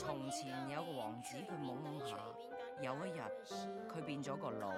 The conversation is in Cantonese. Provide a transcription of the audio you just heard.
從前有個王子，佢懵懵下，有一日佢變咗個佬。